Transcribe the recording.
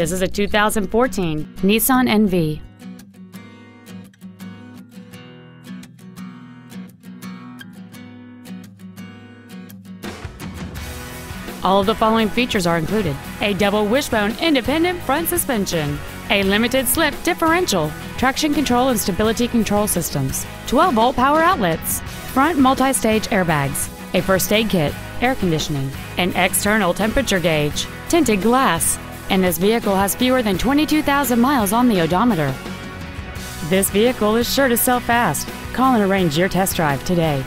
This is a 2014 Nissan NV. All of the following features are included. A double wishbone independent front suspension, a limited slip differential, traction control and stability control systems, 12 volt power outlets, front multi-stage airbags, a first aid kit, air conditioning, an external temperature gauge, tinted glass, and this vehicle has fewer than 22,000 miles on the odometer. This vehicle is sure to sell fast. Call and arrange your test drive today.